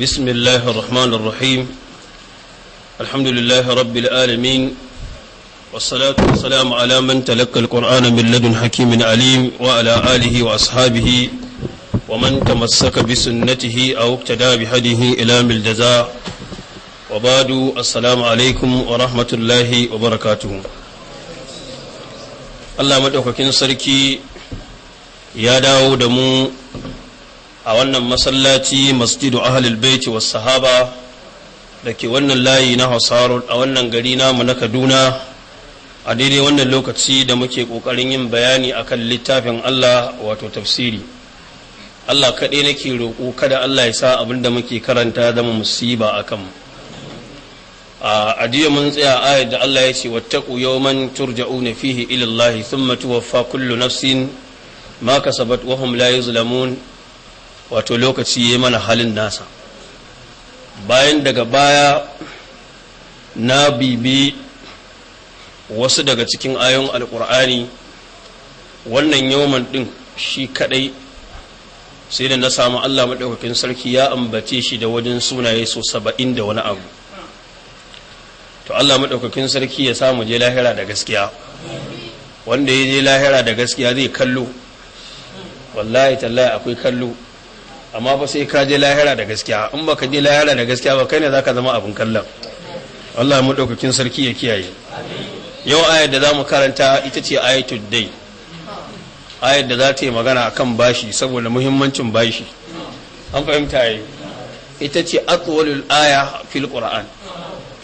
بسم الله الرحمن الرحيم الحمد لله رب العالمين والصلاة والسلام على من تلقى القرآن من لدن حكيم عليم وعلى آله وأصحابه ومن تمسك بسنته أو اقتدى بهديه إلى الجزاء وبعد السلام عليكم ورحمة الله وبركاته Allah maɗaukakin sarki ya dawo da mu a wannan masallaci masjidu ahlul baiti was sahaba da ke wannan layi na hausawa a wannan gari namu na kaduna a daidai wannan lokaci da muke ƙoƙarin yin bayani akan littafin allah wato tafsiri allah kaɗai nake roƙo kada allah ya sa abin da muke karanta zama musiba a kanmu a jiya mun tsaya ayar da allah ya ce wattaku yawman turja'una fihi ilallahi mutuwa fa kullu nafsin ma kasabat wa la yuzlamun wato lokaci ya mana halin nasa bayan daga baya na bibi wasu daga cikin ayon alkur'ani wannan yawon ɗin shi kaɗai sai da na samu allah maɗaukakin sarki ya ambace shi da wajen sunaye so saba'in da wani abu to allah maɗaukakin sarki ya samu je lahira da gaskiya wanda ya je lahira da gaskiya zai kallo wallahi tallahi akwai kallo amma ba sai ka je lahira da gaskiya in ba ka je lahira da gaskiya ba kai ne ka zama abin kallon Allah mu daukakin sarki ya kiyaye yau ayar da za mu karanta ita ce ayatul dai ayar da za ta yi magana akan bashi saboda muhimmancin bashi an fahimta yi ita ce atwalul aya fil qur'an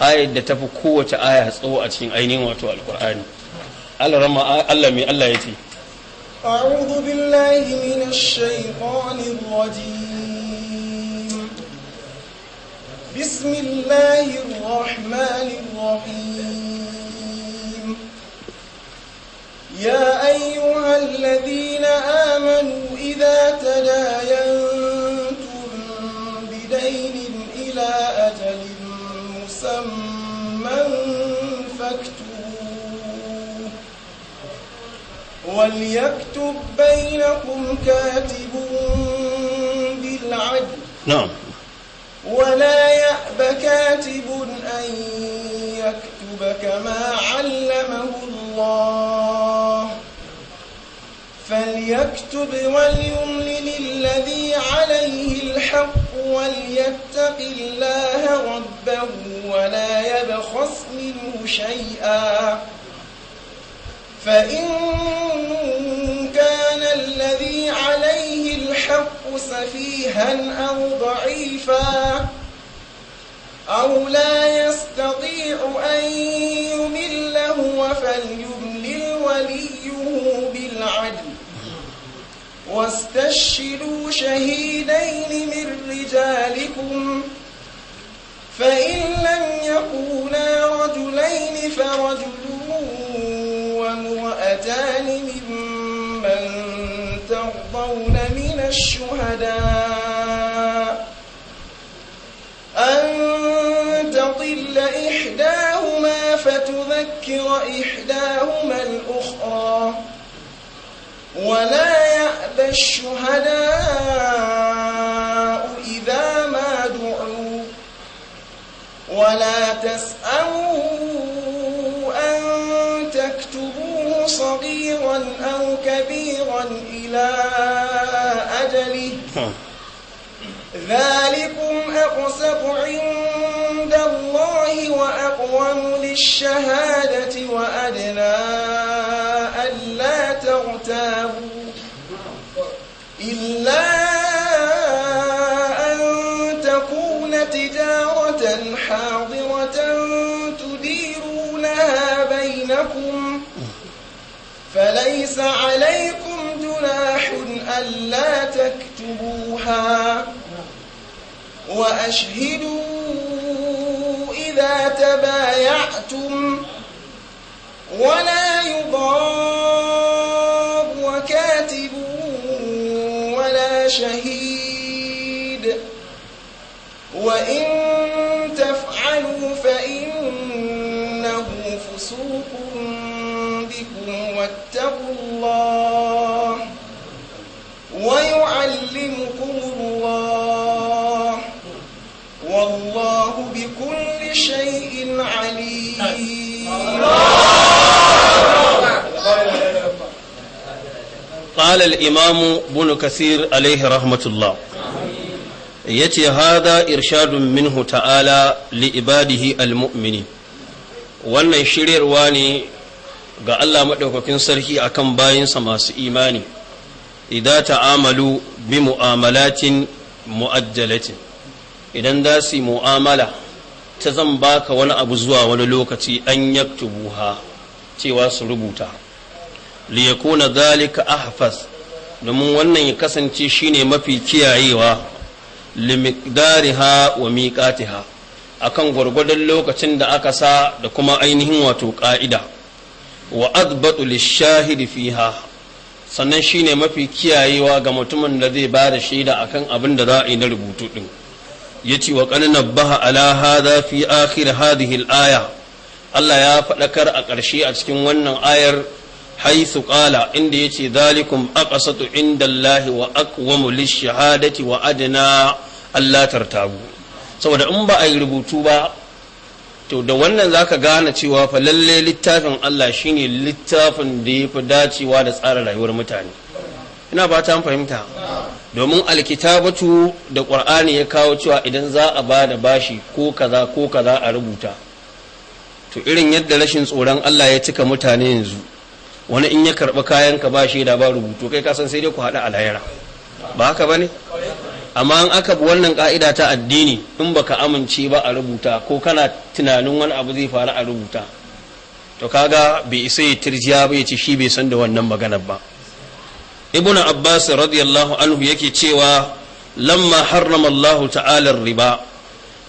ayar da tafi kowace aya tsawo a cikin ainihin wato alqur'ani Allah rama Allah mai Allah ya ce أعوذ بالله من الشيطان الرجيم بسم الله الرحمن الرحيم يا أيها الذين آمنوا إذا تداينتم بدين إلى أجل مسمى وليكتب بينكم كاتب بالعدل نعم ولا يأب كاتب أن يكتب كما علمه الله فليكتب وليملل الذي عليه الحق وليتق الله ربه ولا يبخس منه شيئا فإن كان الذي عليه الحق سفيها أو ضعيفا أو لا يستطيع أن يمله فليملل وليه بالعدل واستشهدوا شهيدين من رجالكم فإن لم يكونا رجلين فرجل شهادتان ممن ترضون من الشهداء أن تطل إحداهما فتذكر إحداهما الأخرى ولا يأبى الشهداء إذا ما دعوا ولا تسأموا إلى أجله نعم. ذلكم أقسط عند الله وأقوم للشهادة وأدنى ألا تغتابوا إلا أن تكون تجارة حاضرة تديرونها بينكم فليس عليكم ألا تكتبوها وأشهدوا إذا تبايعتم ولا يضار وكاتب ولا شهيد قال الإمام بن كثير عليه رحمة الله يتي هذا إرشاد منه تعالى لعباده المؤمنين wannan shiryarwa ne ga Allah maɗaukakin sarki akan bayansa masu imani idan ta'amalu bi mu'amalatin mu'ajjalatin idan za su mu'amala ta zan baka wani abu zuwa wani lokaci an buha cewa su rubuta liyakuna zalika ahfas domin wannan ya kasance shine mafi kiyayewa limiqdariha wa miqatiha akan gwargwadon lokacin da aka sa da kuma ainihin wato ƙa'ida wa adbatu lishahidi fiha sannan shine mafi kiyayewa ga mutumin da zai bada shaida akan abin da za a yi na rubutu din yace wa qad nabbaha ala hadha fi akhir hadhihi al-aya Allah ya faɗakar a ƙarshe a cikin wannan ayar haythu qala inda yace zalikum aqsatu indallahi wa aqwamu lishahadati wa adna Allah tartabu saboda in ba a yi rubutu ba to da wannan zaka gane cewa fa lalle littafin Allah shine littafin da yafi dacewa da tsara rayuwar mutane ina ba ta fahimta domin alkitabatu da qur'ani ya kawo cewa idan za a ba da bashi ko kaza ko kaza a rubuta to irin yadda rashin tsoron Allah ya cika mutane yanzu wani in ya karɓi kayan ka ba shi da ba rubutu kai kasan sai dai ku haɗa alayara ba haka ba ne amma in aka bi wannan ka'ida ta addini in baka amince ba a rubuta ko kana tunanin wani abu zai faru a rubuta to kaga bai isa ya tirjiya ba ya ce shi bai san da wannan maganar ba ibn abbas radiyallahu anhu yake cewa lamma harrama allah ta'ala riba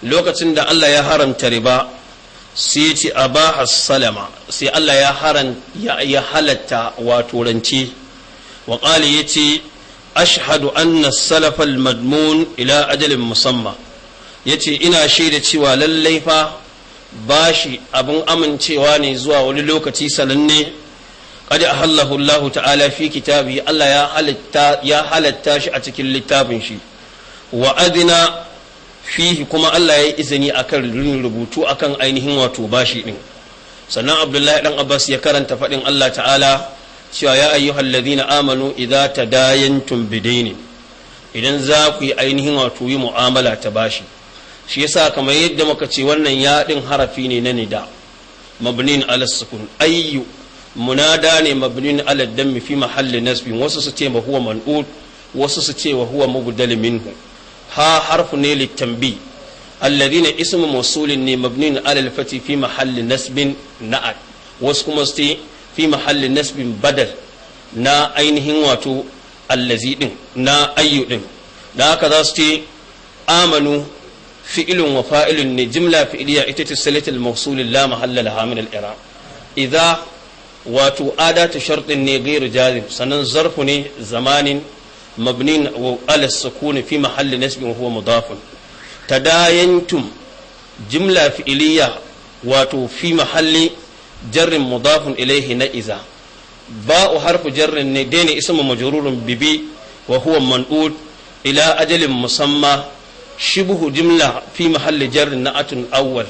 lokacin da allah ya haramta riba sai ce a salama sai Allah ya haran ya halatta wato rance wa ƙali ya ce ashhadu anna salafal madmun ila ajalin musamma ya ce ina shaida cewa lallai fa bashi abin amincewa ne zuwa wani lokaci sananne qad ahallahu Allah ta'ala fi kitabi Allah ya halatta ya halatta shi a cikin littafin shi wa adina fihi kuma Allah ya yi izini akan rubutu a kan ainihin wato bashi ɗin sannan Abdullahi dan Abbas ya karanta faɗin Allah ta'ala cewa ya ayyuhal ladina amanu idza tadayantum bidaini idan za ku yi ainihin wato yi mu'amala ta bashi shi yasa kamar yadda muka ce wannan ya ɗin harafi ne na nida mabnin ala sukun ayyu munada ne mabnin ala dammi fi mahalli nasbin wasu su ce ma huwa man'ud wasu su ce wa huwa mubdal minhu ha harfu ne littambi alladhina ismu mawsulin ne mabnin ala al-fati fi mahalli nasbin na'at wasu kuma su fi mahalli nasbin badal na ainihin wato allazi din na ayyu din da haka su ce amanu fi'ilun wa fa'ilun ne jimla fi'iliya ita ce salatul mawsulin la mahalla laha min al-i'rab wato adata shartin ne ghairu jazim sanan zarfu ne zamanin مبني على السكون في محل نسب وهو مضاف تداينتم جملة فعلية واتو في محل جر مضاف إليه نئذا باء حرف جر دين اسم مجرور ببي وهو منقول إلى أجل مسمى شبه جملة في محل جر نأت أول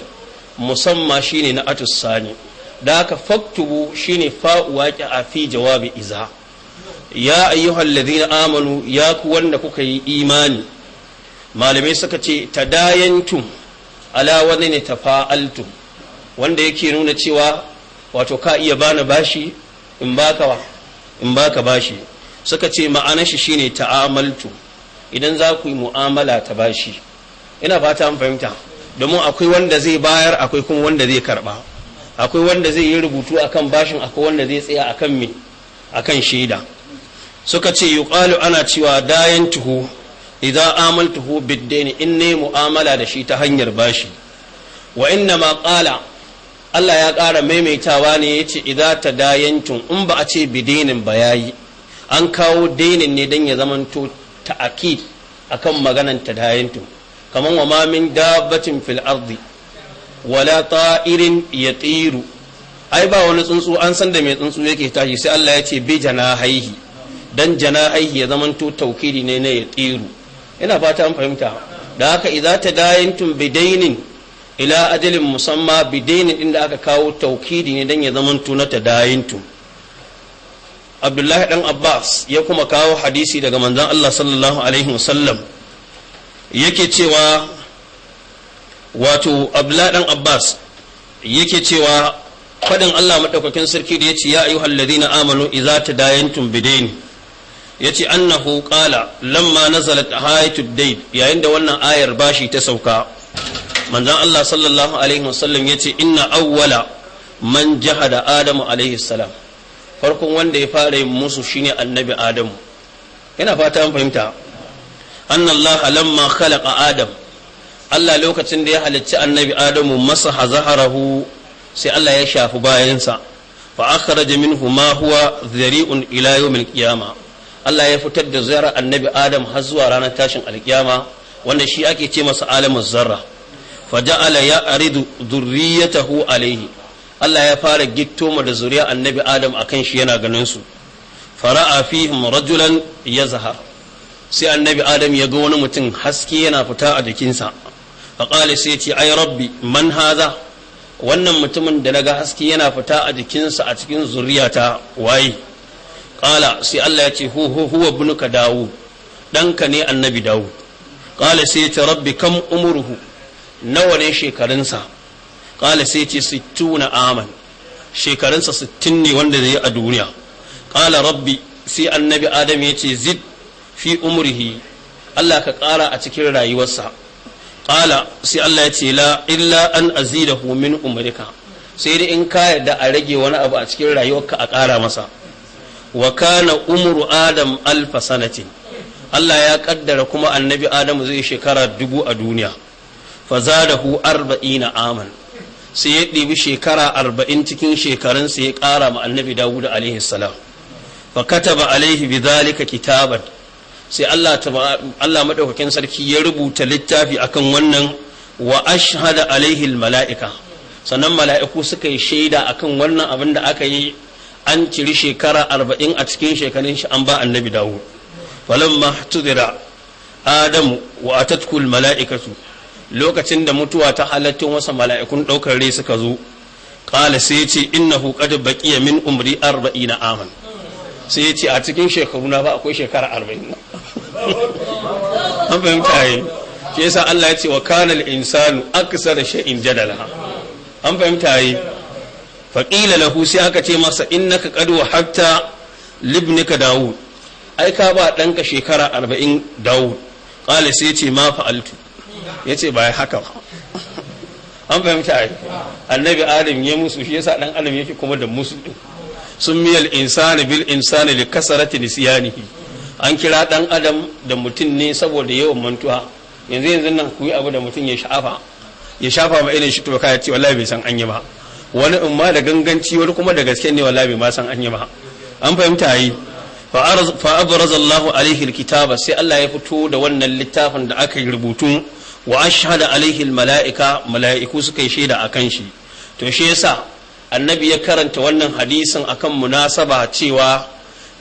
مسمى شيني نأت الثاني ذاك فاكتبوا شيني فاء واجع في جواب إذا ya ayyuhal ladina amanu ya ku wanda kuka yi imani malamai suka ce tadayantum ala wani ne tafa'altum wanda yake nuna cewa wato ka iya bani bashi in baka wa in baka bashi suka ce ma'anar shi shine ta'amaltu idan za ku yi mu'amala ta bashi ina fata an fahimta domin akwai wanda zai bayar akwai kuma wanda zai karba akwai wanda zai yi rubutu akan bashin akwai wanda zai tsaya akan me akan shaida suka ce yuqalu ana cewa dayan tuhu idza amaltuhu biddaini in ne mu'amala da shi ta hanyar bashi wa inna ma qala Allah ya ƙara maimaitawa ne ya ce idza ta dayantun in ba a ce bidinin ba yayi an kawo dainin ne dan ya zamanto ta'akid akan maganan ta dayantun kaman wa ma min dabbatin fil ardi wala ta'irin yatiru ai ba wani tsuntsu an san da mai tsuntsu yake tashi sai Allah ya ce bi haihi dan jana'aihi ya zamanto taukiri ne na ya tsiru ina fata an fahimta da haka idza tadayantum bidainin ila ajalin musamma bidainin inda aka kawo taukiri ne dan ya zamanto na ta tadayantum Abdullahi dan Abbas ya kuma kawo hadisi daga manzon Allah sallallahu alaihi wasallam yake cewa wato Abdullahi dan Abbas yake cewa fadin Allah madaukakin sarki da ya yace ya ayyuhallazina amanu idza tadayantum bidainin yace annahu qala lamma nazalat ayatud dayn yayin da wannan ayar bashi ta sauka manzon Allah sallallahu alaihi wasallam yace inna awwala man jahada adamu alaihi salam farkon wanda ya fara yin musu shine annabi adamu yana fata an fahimta anna Allah lamma khalaqa adam Allah lokacin da ya halicci annabi adamu masa hazaharahu sai Allah ya shafi bayansa fa akhraja minhu ma huwa dhari'un ila yawmil qiyamah Allah ya fitar da ziyarar annabi Adam har zuwa ranar tashin alkiyama wanda shi ake ce masa alamin zarra faja'ala ya aridu zurriyatahu alaihi Allah ya fara gitto ma da zuriya annabi Adam akan shi yana ganin su fara'a fihim rajulan yazhar sai annabi Adam ya ga wani mutum haske yana fita a jikinsa qala sai ce ai rabbi man haza wannan mutumin da naga haske yana fita a jikinsa a cikin zuriyata waye Ƙala sai Allah ya ce hu hu huwa bunuka dawu danka ne annabi dawu qala sai ya ce rabbi kam umruhu nawa ne shekarunsa qala sai ya ce sittuna aman shekarunsa 60 ne wanda zai a duniya qala rabbi sai annabi adam ya ce zid fi umrihi Allah ka ƙara a cikin rayuwarsa ƙala sai Allah ya ce la illa an azidahu min umrika sai dai in ka yarda a rage wani abu a cikin rayuwarka a ƙara masa wa kana umru adam alfa sanatin Allah ya kaddara kuma annabi Adamu zai shekara dubu a duniya fa zadahu arba'ina aman sai ya ɗibi shekara arba'in cikin shekarun sai ya ƙara ma annabi Dawud alaihi salam fa kataba alaihi bidhalika kitaban sai Allah Allah madaukakin sarki ya rubuta littafi akan wannan wa ashhada alaihi mala'ika sannan mala'iku suka yi shaida akan wannan abin da aka yi an ciri shekara arba'in a cikin shekarun shi an ba annabi dawo falamma tudira adamu wa atatkul mala'ikatu lokacin da mutuwa ta halattun wasa mala'ikun ɗaukar rai suka zo ƙala sai ce innahu baƙi baqiya min umri na aman sai ce a cikin shekaru na ba akwai shekara arba'in an fahimta yi shi yasa Allah ya ce wa kana al-insanu aksara shay'in jadala an fahimta yi faƙila lahu sai aka ce masa innaka qad wahabta libnika dawud ai ka ba ɗanka shekara arba'in dawud ƙala sai ce ma fa'altu ya ce ba haka ba an fahimta ai annabi adam ya musu shi yasa ɗan adam yake kuma da musu ɗin sun miyal insani bil insani li kasarati nisyanihi an kira ɗan adam da mutum ne saboda yawan mantuwa yanzu yanzu nan ku yi abu da mutum ya shafa ya shafa ma irin shi to kai ce wallahi bai san an yi ba wani umma da ganganci wani kuma da gaske ne wallahi bai ma san an yi ba an fahimta yi fa abraza Allahu alaihi alkitaba sai Allah ya fito da wannan littafin da aka rubutu wa ashhada alaihi almalaika malaiku suka yi shaida akan shi to shi yasa annabi ya karanta wannan hadisin akan munasaba cewa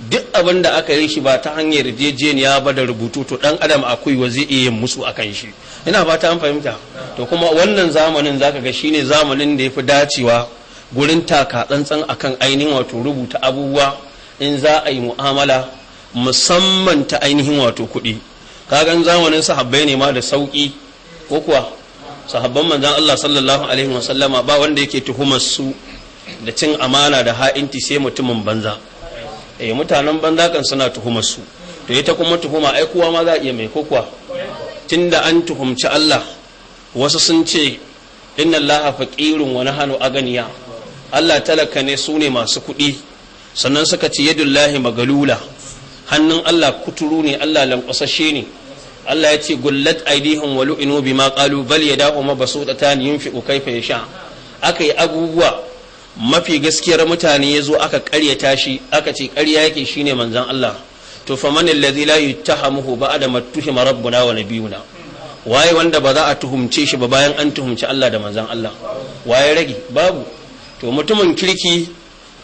duk abin da aka yi shi ba ta hanyar yarjejeniya ba da rubutu to dan adam akwai wa zai iya musu kan shi ina fata ta fahimta to kuma wannan zamanin zaka ga shine zamanin da yafi dacewa gurin taka tsantsan akan ainihin wato rubuta abubuwa in za a yi mu'amala musamman ta ainihin wato kuɗi kagan zamanin sahabbai ne ma da sauki ko kuwa sahabban manzon Allah sallallahu alaihi wasallama ba wanda yake tuhumar su da cin amana da ha'inti sai mutumin banza eh mutanen banza kan suna tuhumar su to ita kuma tuhuma ai kowa ma za a iya mai kokwa tunda an tuhumci Allah wasu sun ce inna Allah faqirun wa nahnu aganiya Allah talaka ne su ne masu kuɗi sannan suka ce yadullahi magalula hannun Allah kuturu ne Allah lankwasashe ne Allah ya ce gullat aidihim wa lu'inu bima qalu bal yadahu mabsuutatan yunfiqu kayfa yasha akai abubuwa mafi gaskiyar mutane ya zo aka karyata shi aka ce karya yake shine manzan Allah to fa man allazi la yuttahamuhu ba'da ma tuhima rabbuna wa nabiyuna waye wanda ba za a tuhumce shi ba bayan an tuhumci Allah da manzan Allah waye rage babu to mutumin kirki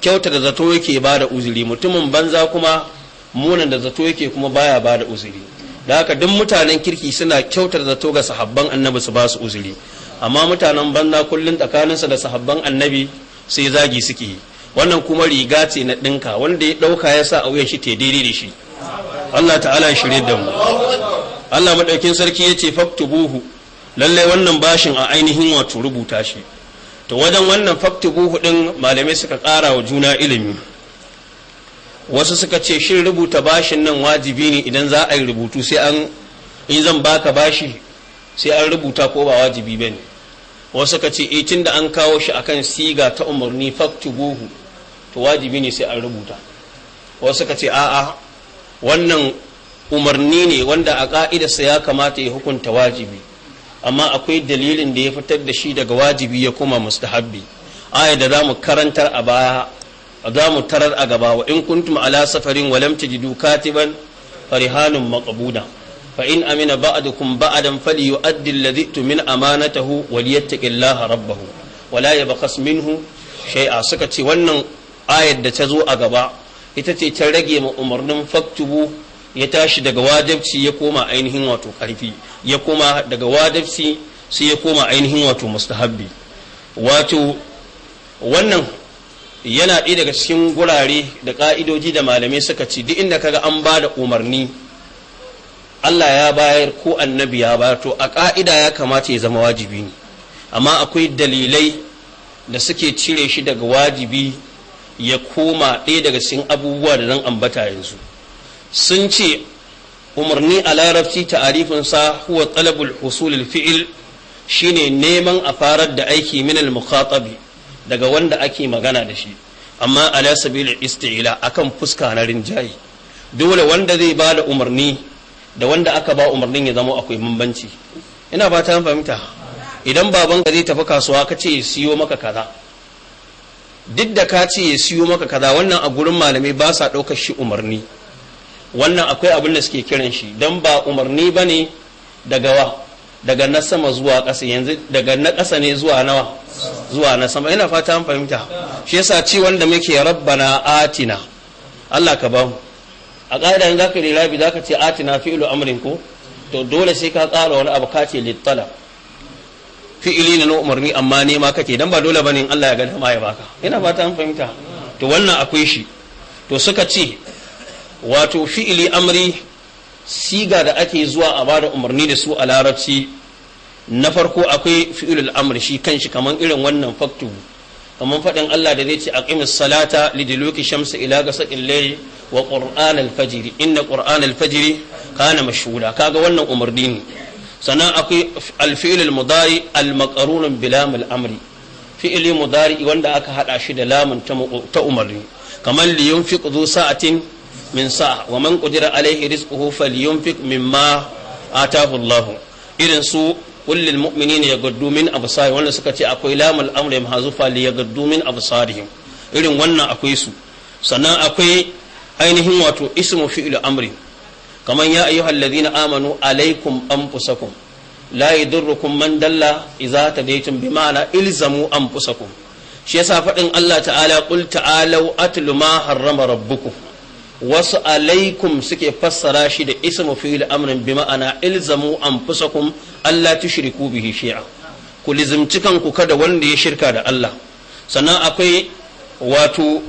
kyautar da zato yake bada uzuri mutumin banza kuma munan da zato yake kuma baya bada uzuri da haka duk mutanen kirki suna kyautar zato ga sahabban annabi su ba su uzuri amma mutanen banza kullum tsakaninsa da sahabban annabi sai zagi suke yi wannan kuma riga ce na ɗinka wanda ya ɗauka ya sa a wuyan shi te daidai da shi Allah ta'ala shirye da mu Allah maɗaukin sarki ya ce faktubuhu lallai wannan bashin a ainihin wato rubuta shi to wajen wannan faktubuhu ɗin malamai suka kara wa juna ilimi wasu suka ce shin rubuta bashin nan wajibi ne idan za a yi rubutu sai an in zan baka bashi sai an rubuta ko ba wajibi bane wasu ka ce e eh, tun da an kawo shi akan siga ta umarni faktubuhu to wajibi ne sai an rubuta wasu ka ce a'a wannan umarni ne wanda a ka'idarsa ya kamata ya hukunta wajibi amma akwai dalilin da ya fitar da shi daga wajibi ya koma mustahabbi aya da za mu karantar a baya za mu tarar a gaba wa in kuntum ala safarin walam tajidu katiban farihanun maqbuda fa in amina ba'dukum ba'dan falyu'addi alladhi min amanatahu walyattaqillaha rabbahu wala yabqas minhu shay'a suka ce wannan ayar da ta zo a gaba ita ce ta rage ma umarnin faktubu ya tashi daga wajibci ya koma ainihin wato karfi ya koma daga wajibci sai ya koma ainihin wato mustahabbi wato wannan yana ɗaya daga cikin gurare da ƙa'idoji da malamai suka ci duk inda kaga an ba da umarni Allah ya bayar ko annabi ya bayar to a ƙa'ida ya kamata ya zama wajibi ne amma akwai dalilai da suke cire shi daga wajibi ya koma ɗaya daga cikin abubuwa da zan ambata yanzu sun ce umarni a larabci ta'arifinsa huwa talabul husulil fi'il shine neman a farar da aiki min al daga wanda ake magana da shi amma ala sabilil isti'la akan fuska na rinjaye dole wanda zai ba da umarni da wanda aka ba umarnin ya zama akwai bambanci ina ba ta fahimta idan baban ka zai tafi kasuwa ka ce ya siyo maka kaza duk da ka ce ya siyo maka kaza wannan a gurin malamai ba sa ɗaukar shi umarni wannan akwai abin da suke kiran shi don ba umarni ba ne daga wa daga na sama zuwa ƙasa yanzu daga na ƙasa ne zuwa nawa zuwa na sama ina fata an fahimta shi yasa ci wanda muke rabbana atina Allah ka bamu a ƙa'ida in zaka rira za zaka ce atina fi'lu amrin ko to dole sai ka ƙara wani abu ka ce littala fi'ili na umarni amma ne ka kake dan ba dole bane in Allah ya ga dama ya baka ina fata an fahimta to wannan akwai shi to suka ce wato fi'ili amri siga da ake zuwa a bada umarni da su a larabci na farko akwai fi'ilul amri shi kanshi kaman irin wannan faktubu kamar faɗin Allah da zai ce aqimis salata lidiloki shamsu ila gasaqil layli wa qur'an al-fajr inna qur'an al kana mashuda kaga wannan umarni ne sannan akwai al-fi'l al-mudari al-maqrun bi al-amri mudari wanda aka hada shi da lamun ta umarni kamar li yunfiq zu sa'atin min sa'a wa man qadira alaihi rizquhu falyunfiq mimma atahu Allah irin su qul lil mu'minina yaghuddu min wanda suka ce akwai lamul amri mahzufa li yaghuddu min absarihim irin wannan akwai su sannan akwai ainihin wato ismu fi'il amri kaman ya ayyuhal ladina amanu alaikum anfusakum la yadurrukum man dalla idza tadaytum bima'ana ilzamu anfusakum shi yasa faɗin Allah ta'ala qul ta'alu atlu ma harrama rabbukum wasu alaikum suke fassara shi da ismu fi'il amrin bi ma'ana ilzamu anfusakum alla tushriku bihi shi'a ku lizimci kanku kada wanda ya shirka da Allah sannan akwai wato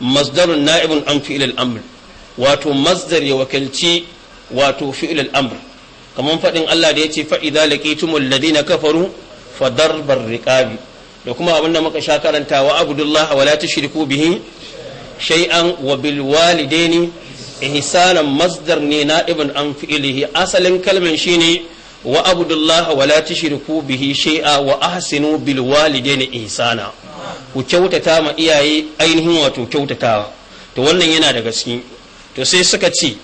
masdarun na'ibun an fi'il amr wato masdar ya wakilci wato fi'il amr kamar faɗin Allah da ya ce fa idza laqitumul ladina kafaru fadarbar riqabi da kuma abinda muka sha karanta wa abdullah wala tushriku bihi shay'an wa bil walidaini ihsanan masdar ne na'ibun an fi'ilihi asalin kalman shine wa abdullahi wa la tushriku bihi shay'a wa ahsinu bil walidaini ihsana ku kyautata ma iyaye ainihin wato kyautatawa to wannan yana da gaske. to sai suka ce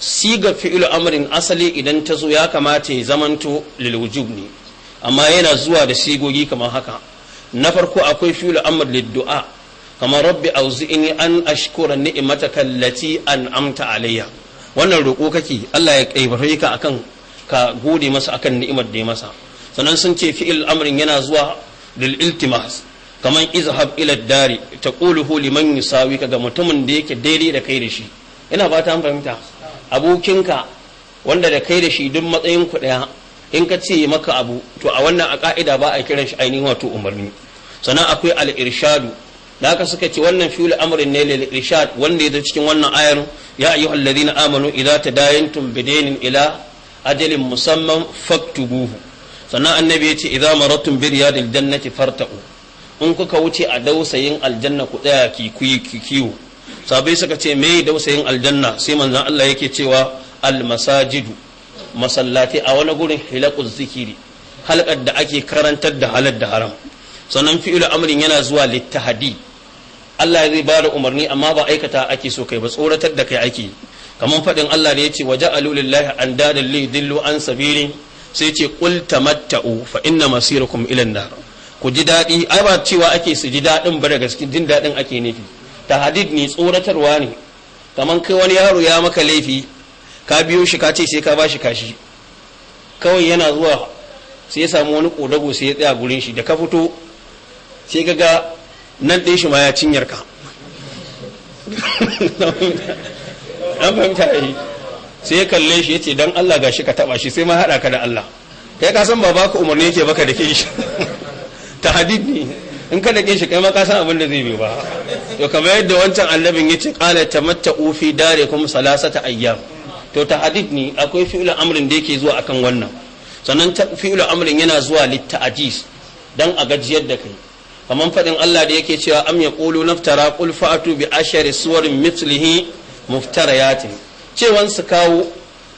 siga fi'ilu amrin asali idan ta zo ya kamata ya zamanto lil ne amma yana zuwa da sigogi kamar haka na farko akwai fi'il amr lid du'a kamar rabbi auzi'ini an ashkura ni'mataka allati an'amta alayya wannan roƙo kake Allah ya kaibafe ka akan ka gode masa akan ni'imar da ya masa sannan sun ce fi'il amrin yana zuwa lil iltimas kamar izhab ila dari taquluhu liman yusawika ga mutumin da yake daidai da kai da shi ina ba fahimta abokinka wanda da kai da shi duk matsayin ku daya in ka ce maka abu to a wannan a ka'ida ba a kiran shi ainihin wato umarni sannan akwai al-irshadu da haka suka ce wannan fi'il amrin ne lil irshad wanda yake cikin wannan ayar ya ayyuhal ladina amanu idza tadayantum bidainin ila ajalin musamman faktubuhu sannan annabi ya ce idza maratum bi riyadil jannati farta'u in kuka wuce a dausayin aljanna ku tsaya ki kiwo sabai suka ce me dausayin aljanna sai manzon Allah yake cewa al masajidu masallati a wani gurin hilaquz zikiri halkar da ake karantar da halar da haram sannan fi'il amrin yana zuwa littahadi Allah zai ba da umarni amma ba aikata ake so kai ba tsoratar da kai ake kamar faɗin Allah ne yace alulillahi an andadan li dillu an sabili sai yace qul tamatta'u fa inna masirakum ila nar ku ji daɗi ai ba cewa ake su ji daɗin ba da gaske jin daɗin ake nufi tahadid ne tsoratarwa ne kamar kai wani yaro ya maka laifi ka biyo shi ka ce sai ka bashi kashi kawai yana zuwa sai ya samu wani kodago sai ya tsaya gurin shi da ka fito sai ka ga nan ɗin shi ma ya cinyar ka an fahimta yi sai ya kalle shi ya ce don Allah ga shi ka taɓa shi sai ma haɗa ka da Allah kai ka san ba baka umarni yake baka da ke shi ta hadid ne in ka da ke shi kai ma ka san abin da zai biyo ba to kamar yadda wancan annabin ya ce qala ta fi kuma salasata ayyam to ta hadid ne akwai fi'il amrin da yake zuwa akan wannan sannan fi'il amrin yana zuwa litta'jis dan a gajiyar da kai kaman faɗin Allah da yake cewa am yaqulu naftara qul fa'atu bi ashari suwarin mithlihi muftariyatin cewan su kawo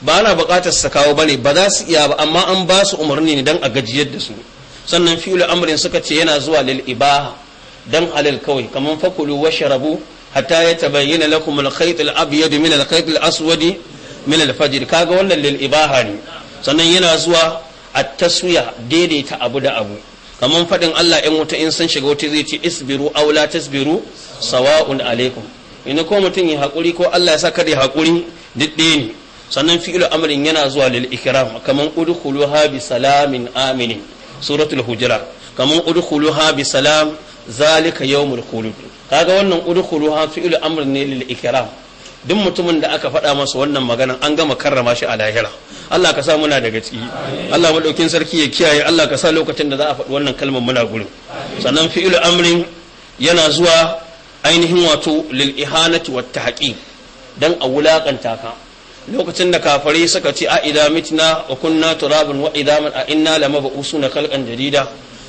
ba na buƙatar su kawo bane ba za su iya ba amma an ba su umarni ne dan a gajiyar da su sannan fi'lu amrin suka ce yana zuwa lil ibaha dan halal kawai kaman fakulu washrabu hatta yatabayyana lakum al khayt al abyad min al khayt al aswad min al fajr kaga wannan lil ibaha ne sannan yana zuwa at taswiya daidaita abu da abu kamar faɗin Allah yan wuta in sun shiga wuta zai ce isbiru aw la tasbiru sawa'un alaikum ina ko mutum ya haƙuri ko Allah ya sa kada ya haƙuri duk ne sannan fi'lu amrin yana zuwa lil ikram kamar udkhuluha bi salamin aminin suratul hujurat kamar udkhuluha bi salam zalika yawmul khulud kaga wannan udkhuluha fi'lu amrin ne lil ikram duk mutumin da aka faɗa masa wannan magana an gama karrama shi a lahira Allah ka sa muna daga ciki Allah madaukin sarki ya kiyaye Allah ka sa lokacin da za a faɗi wannan kalmar muna gurin sannan fi'ilu amrin yana zuwa ainihin wato lil ihanati wat tahqi dan a wulakanta ka lokacin da kafare suka ce a idza mitna wa kunna turaban wa idza a inna lamabusuna khalqan jadida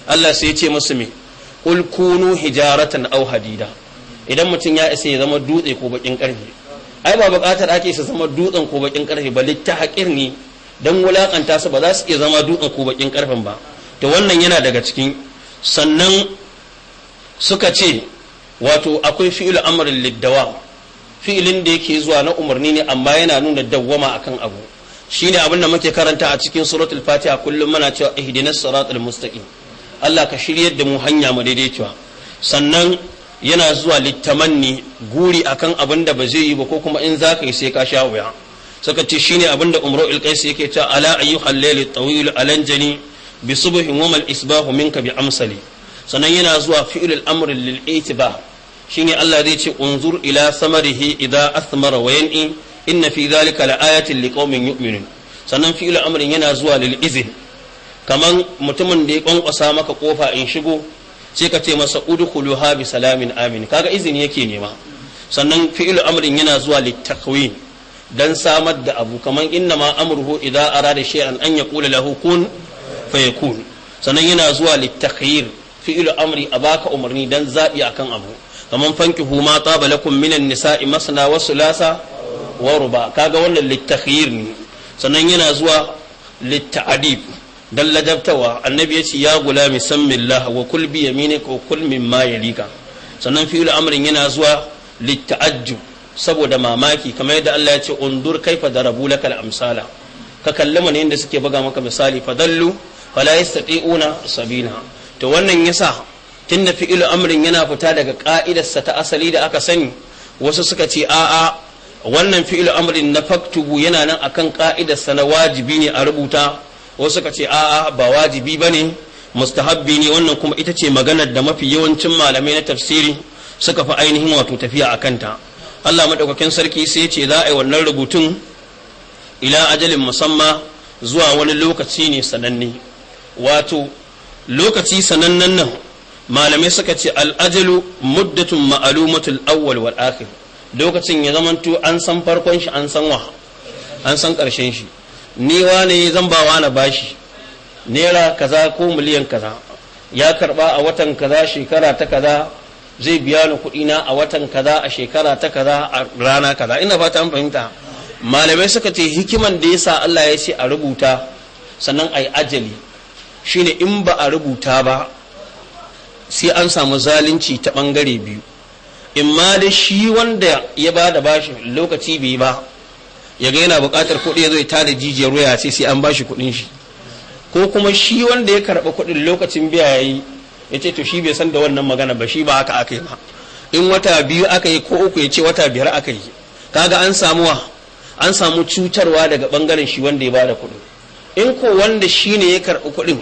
Allah sai ya ce musu me kul kunu hijaratan aw hadida idan mutum ya isa ya zama dutse ko bakin karfe ai ba buƙatar ake su zama dutsen ko bakin karfe ba ta haƙir ne don wulaƙanta su ba za su iya zama dutsen ko bakin karfen ba to wannan yana daga cikin sannan suka ce wato akwai fi'il amrin liddawa fi'ilin da yake zuwa na umarni ne amma yana nuna dawwama akan abu shine abin da muke karanta a cikin suratul fatiha kullum muna cewa ihdinas siratal mustaqim Allah ka shiryar da mu hanya mu daidaituwa sannan yana zuwa littamanni guri akan abin da ba zai yi ba ko kuma in za ka yi sai ka sha wuya suka ce shine abin da umru ilqais yake ta ala ayyuhal layl tawil alanjani bi subhin wa mal isbahu minka bi amsali sannan yana zuwa fi'l al-amr lil itiba shine Allah zai ce unzur ila samarihi idza athmara wa yan'i inna fi dhalika la ayatin liqaumin yu'minun sannan fi'l amrin yana zuwa lil izin kaman mutumin da ya kwankwasa maka kofa in shigo sai ka ce masa udkhuluha bi salamin amin kaga izini yake nema sannan fi'il amrin yana zuwa litakwin dan samar da abu kaman inna ma amruhu idza arada shay'an an yaqula lahu kun fayakun sannan yana zuwa litakhyir fi'il amri a baka umarni dan zabi akan abu kaman fankihu ma taba lakum minan nisa'i masna wa sulasa wa ruba kaga wannan litakhyir ne sannan yana zuwa litta'adib dan ladabtawa annabi ya ce ya gulami sammillah wa kul bi yaminika wa kul mimma yalika sannan fi'il amrin yana zuwa litta'ajjub saboda mamaki kamar yadda Allah ya ce undur kaifa darabu lakal amsala ka kalli mana inda suke buga maka misali fadallu la yastati'una sabila to wannan yasa tunda fi'il amrin yana fita daga ka'idarsa ta asali da aka sani wasu suka ce a'a wannan fi'il amrin na faktubu yana nan akan ka'idarsa na wajibi ne a rubuta wasu suka ce a'a ba wajibi ba ne mustahabbi ne wannan kuma ita ce maganar da mafi yawancin malamai na tafsiri suka fi ainihin wato tafiya a kanta Allah maɗaukakin sarki sai ce za a yi wannan rubutun ila ajalin musamman zuwa wani lokaci ne sananne wato lokaci sanannen nan malamai suka ce al'ajalu muddatun ma'alumatul awwal wal akhir lokacin ya zamanto an san farkon shi an san wa an san ƙarshen shi ni wane zan ba wani bashi naira kaza ko miliyan kaza ya karba a watan kaza shekara ta kaza zai biya ni kuɗi na a watan kaza a shekara ta kaza a rana kaza ina ba an fahimta malamai suka ce hikiman da yasa Allah ya ce a rubuta sannan ai ajali shine in ba a rubuta ba sai an samu zalunci ta bangare biyu in ma da shi wanda ya ba da bashi lokaci bai ba ya ga yana buƙatar kuɗi ya zo ya tada jijiyar waya sai sai an bashi kuɗin shi ko kuma shi wanda ya karɓa kuɗin lokacin biya ya yi ya ce to shi bai san da wannan magana ba shi ba haka aka yi ba in wata biyu aka yi ko uku ya ce wata biyar aka yi kaga an samu wa an samu cutarwa daga bangaren shi wanda ya bada kuɗin in ko wanda shi ne ya karɓi kuɗin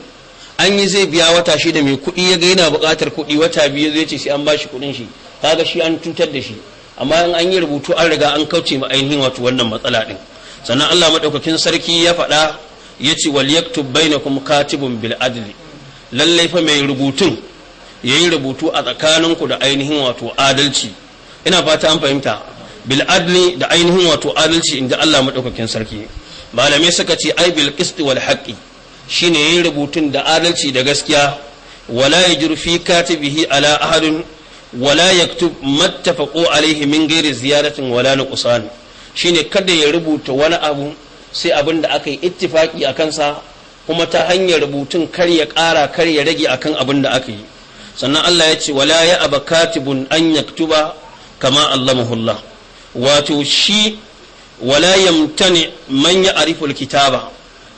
an yi zai biya wata shi da mai kuɗi ya ga yana buƙatar kuɗi wata biyu zai ce sai an bashi kuɗin shi kaga shi an cutar da shi amma in an yi rubutu an riga an kauce ma ainihin wato wannan matsala din sannan Allah madaukakin sarki ya faɗa ya ce wal yaktub bainakum katibun bil adli lallai fa mai rubutun yayi rubutu a tsakaninku da ainihin wato adalci ina fata an fahimta bil adli da ainihin wato adalci inda Allah madaukakin sarki malamai suka ce ai bil qist wal haqqi shine yayi rubutun da adalci da gaskiya wala yajru fi katibihi ala ahadin wala yaktub mattafaqu alaihi min ghairi ziyaratin wala nuqsan shine kada ya rubuta wani abu sai abin da aka yi ittifaki a kansa kuma ta hanyar rubutun kar ya ƙara kar ya rage akan abin da aka yi sannan Allah ya ce wala ya aba an yaktuba kama allamahullah wato shi wala yamtani man ya ariful kitaba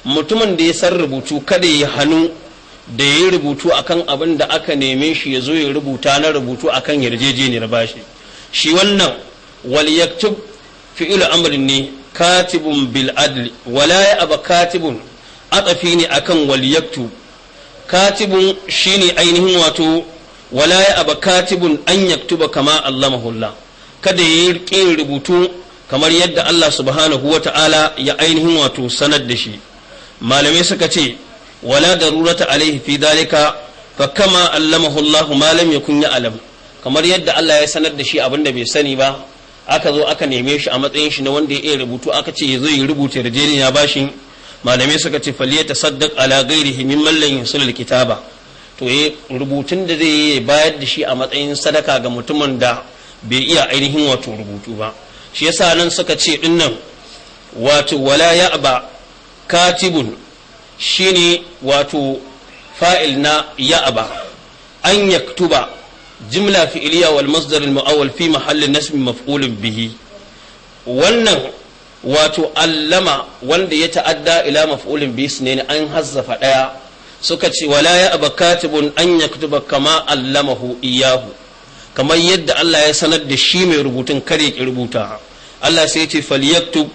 mutumin da ya san rubutu kada ya hannu da ya yi rubutu akan abin da aka neme shi ya zo ya rubuta na rubutu akan yarjejeniyar bashi shi wannan wal yaktub fi'il amrin ne katibun bil adli wala ya aba katibun atafi ne akan wal yaktub katibun shine ainihin wato wala ya aba katibun an yaktuba kama Allah mahulla kada ya yi rubutu kamar yadda Allah subhanahu wa ta'ala ya ainihin wato sanar da shi malamai suka ce wala darurata alaihi fi dalika fa kama allamahu Allah ma lam yakun kamar yadda Allah ya sanar da shi abinda bai sani ba aka zo aka neme shi a matsayin shi na wanda ya iya rubutu aka ce ya zo ya rubuta yarjejeniya malamai suka ce faliya tasaddaq ala ghairihi mimman lam yusul kitaba to rubutun da zai yi bayar da shi a matsayin sadaka ga mutumin da bai iya ainihin wato rubutu ba shi yasa nan suka ce dinnan wato wala ya'ba katibun shine wato fa'il na ya'aba an yaktuba jimla Iliya wal masdar al mu'awwal fi mahallin nasb mafulin bihi wannan wato allama wanda ya ta'adda ila maf'ulin bihi ne an hazzafa daya suka ce wala Ya'aba katibun an yaktuba kama allamahu iyahu kamar yadda Allah ya sanar da shi mai rubutun kare ki rubuta Allah sai ya ce falyaktub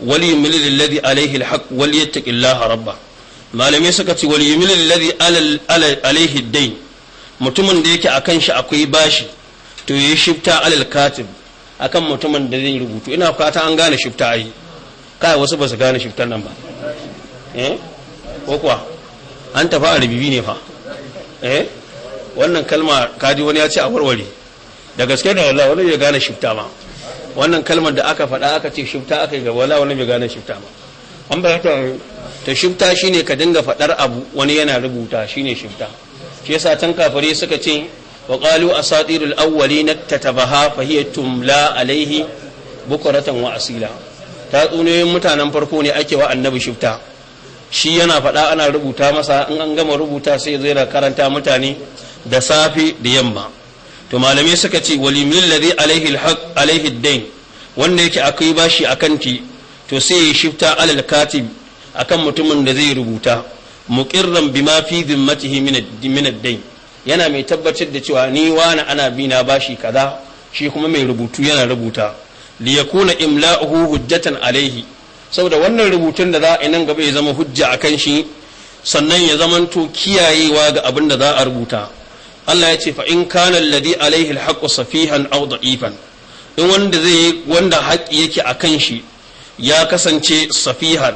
wal yumlil alladhi alayhi alhaq wal yattaqillaha rabbah malamai suka ce wal yumil alladhi alaihi dain mutumin da yake akan shi akwai bashi to yi shifta alal katib akan mutumin da zai rubutu ina fata an gane shifta ai kai wasu ba su gane shiftar nan ba eh ko kuwa an tafi a rubibi ne fa eh wannan kalma kaji wani ya ce a warware da gaske da wallahi wani ya gane shifta ma wannan kalmar da aka faɗa aka ce shifta aka yi ga wallahi wani bai gane shifta ma an ba ta ta shifta shine ka dinga faɗar abu wani yana rubuta shine shifta shi yasa tan kafare suka ce wa qalu asatirul awwalin tatabaha fa hiya tumla alaihi bukratan wa asila tatsuniyoyin mutanen farko ne ake wa annabi shifta shi yana faɗa ana rubuta masa in an gama rubuta sai zai karanta mutane da safe da yamma to malamai suka ce walimin ladhi alaihi alhaq alaihi dain wanda yake akai bashi akan ki to sai ya shifta alal katib akan mutumin da zai rubuta muqirran bima fi zimmatihi min ad-dayn yana mai tabbatar da cewa ni wani ana bi na bashi kaza shi kuma mai rubutu yana rubuta li yakuna imla'uhu hujjatan alaihi saboda wannan rubutun da za a nan gaba ya zama hujja akan shi sannan ya zamanto kiyayewa ga abin da za a rubuta Allah ya ce fa in kana alladhi alaihi alhaqqu safihan aw da'ifan in wanda zai wanda haƙi yake akan shi ya kasance safihan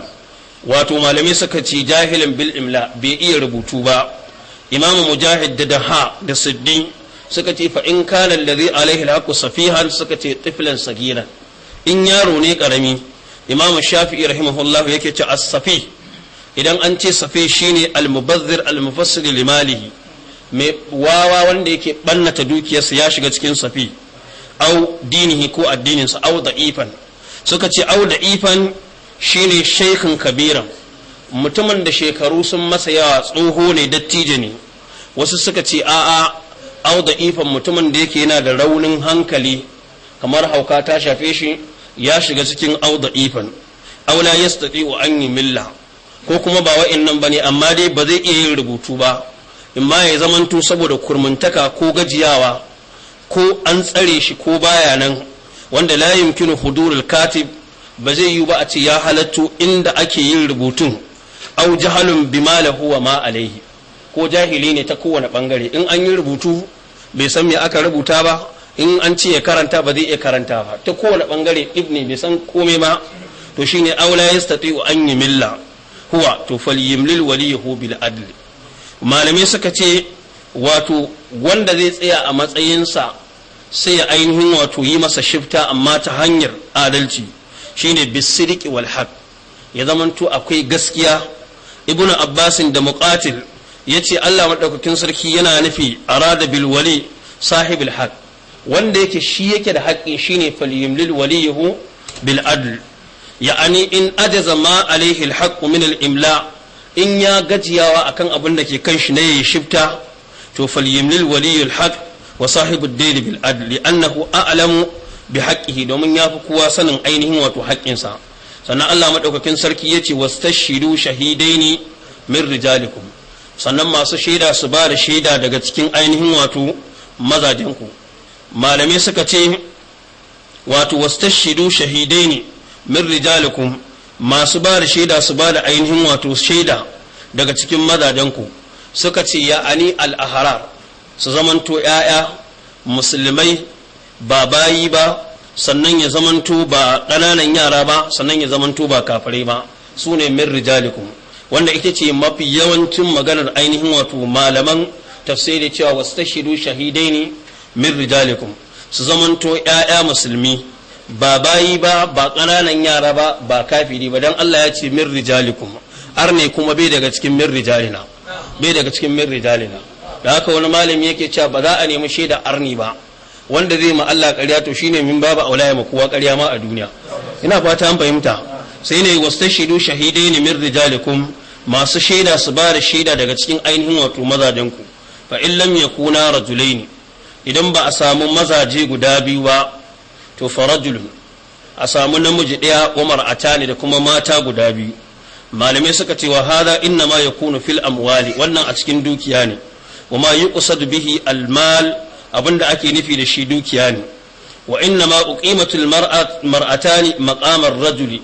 wato malamai suka ce jahilin bil imla bai iya rubutu ba imamu mujahid da daha da siddin suka ce fa in kana alladhi alaihi alhaqu safihan suka ce tiflan sagira in yaro ne karami imamu shafi'i rahimahullah yake ce as-safi idan an ce safi shine al-mubazzir al-mufassir limalihi mai wawa wanda yake bannata dukiyarsa ya shiga cikin safi au dinihi ko addininsa au da'ifan suka ce au da ifan shine shaikhin kabiran mutumin da shekaru sun masa yawa tsoho ne dattijo ne wasu suka ce a'a au da ifan mutumin da yake yana da raunin hankali kamar hauka ta shafe shi ya shiga cikin au da ifan ya la wa an yi milla ko kuma ba ba bane amma dai ba zai iya yin rubutu ba in imma ya zamanto saboda kurmuntaka ko gajiyawa ko an tsare shi ko baya nan wanda layin yumkinu hudurul katib ba zai yi ba a ce ya halattu inda ake yin rubutun au jahalun bima lahu wa ma alaihi ko jahili ne ta kowane bangare in an yi rubutu bai san me aka rubuta ba in an ce ya karanta ba zai iya karanta ba ta kowane bangare ibni bai san komai ba to shine aula yastati an milla huwa to falyimlil waliyahu bil adl malamai suka ce wato wanda zai tsaya a matsayinsa sai ya ainihin wato yi masa shifta amma ta hanyar adalci shine bisiriki wal haq ya zamanto akwai gaskiya ibnu abbasin da muqatil yace Allah madaukakin sarki yana nufi arada bil wali sahibul haq wanda yake shi yake da haƙƙi shine falyumlil waliyahu bil adl ya'ani in ajaza ma alaihi al haqq min al imla in ya gajiyawa akan abin da ke kan shi ne ya shifta to falyumlil waliyul haq wa sahibud dayl bil adli annahu a'lamu bi haqqihi domin yafi kowa sanin ainihin wato haƙƙinsa sannan Allah madaukakin sarki yace wastashidu shahidaini min rijalikum sannan masu shaida su ba da shaida daga cikin ainihin wato mazajenku malamai suka ce wato wastashidu shahidaini min rijalikum masu ba da shaida su ba da ainihin wato shaida daga cikin mazajenku suka ce ya ani al-ahrar su zamanto ‘ya'ya musulmai ba bayi ba sannan ya zamanto ba ƙananan yara ba sannan ya zamanto ba kafirai ba su ne min rijalikum wanda ita ce mafi yawancin maganar ainihin wato malaman tafsiri cewa wasu ta tashidu shahidai ne min rijalikum su zamanto ‘ya'ya musulmi ba bayi ba ba ƙananan yara ba ba kafiri ba don Allah ya ce min rijalikum ar ne kuma bai daga cikin min rijalina bai daga cikin min rijalina da haka wani malami yake cewa ba za a nemi shaida arni ba wanda zai ma Allah ƙarya to shine min babu aula ma kowa ƙarya ma a duniya ina fata an fahimta sai ne wastashidu shahidain min rijalikum masu shaida su ba da shaida daga cikin ainihin wato mazajen ku fa in lam yakuna rajulaini idan ba a samu mazaje guda biyu ba to fa rajulun a samu namiji ɗaya umar atani da kuma mata guda biyu malamai suka ce wa hada inna ma yakunu fil amwali wannan a cikin dukiya ne wa ma yuqsadu bihi almal abinda ake nufi da shi dukiya ne wa inna ma uqimatul mar'atani maqamar rajuli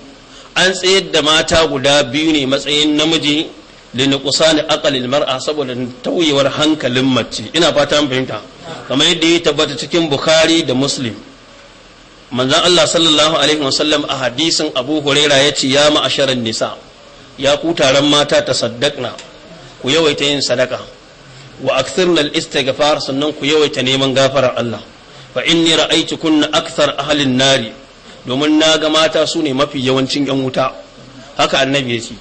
an tsayar da mata guda biyu ne matsayin namiji linuqsani aqalil mar'a saboda tauyewar hankalin mace ina fata mun fahimta kamar yadda ya tabbata cikin bukhari da muslim manzon Allah sallallahu alaihi sallam a hadisin Abu Huraira yace ya ma'asharan nisa ya ku taron mata tasaddaqna ku yawaita yin sadaka wa aksirna al-istighfar sannan ku yawaita neman gafarar Allah fa inni ra'aytu kunna akthar ahlin nari domin na ga mata su ne mafi yawancin yan wuta haka annabi ya ce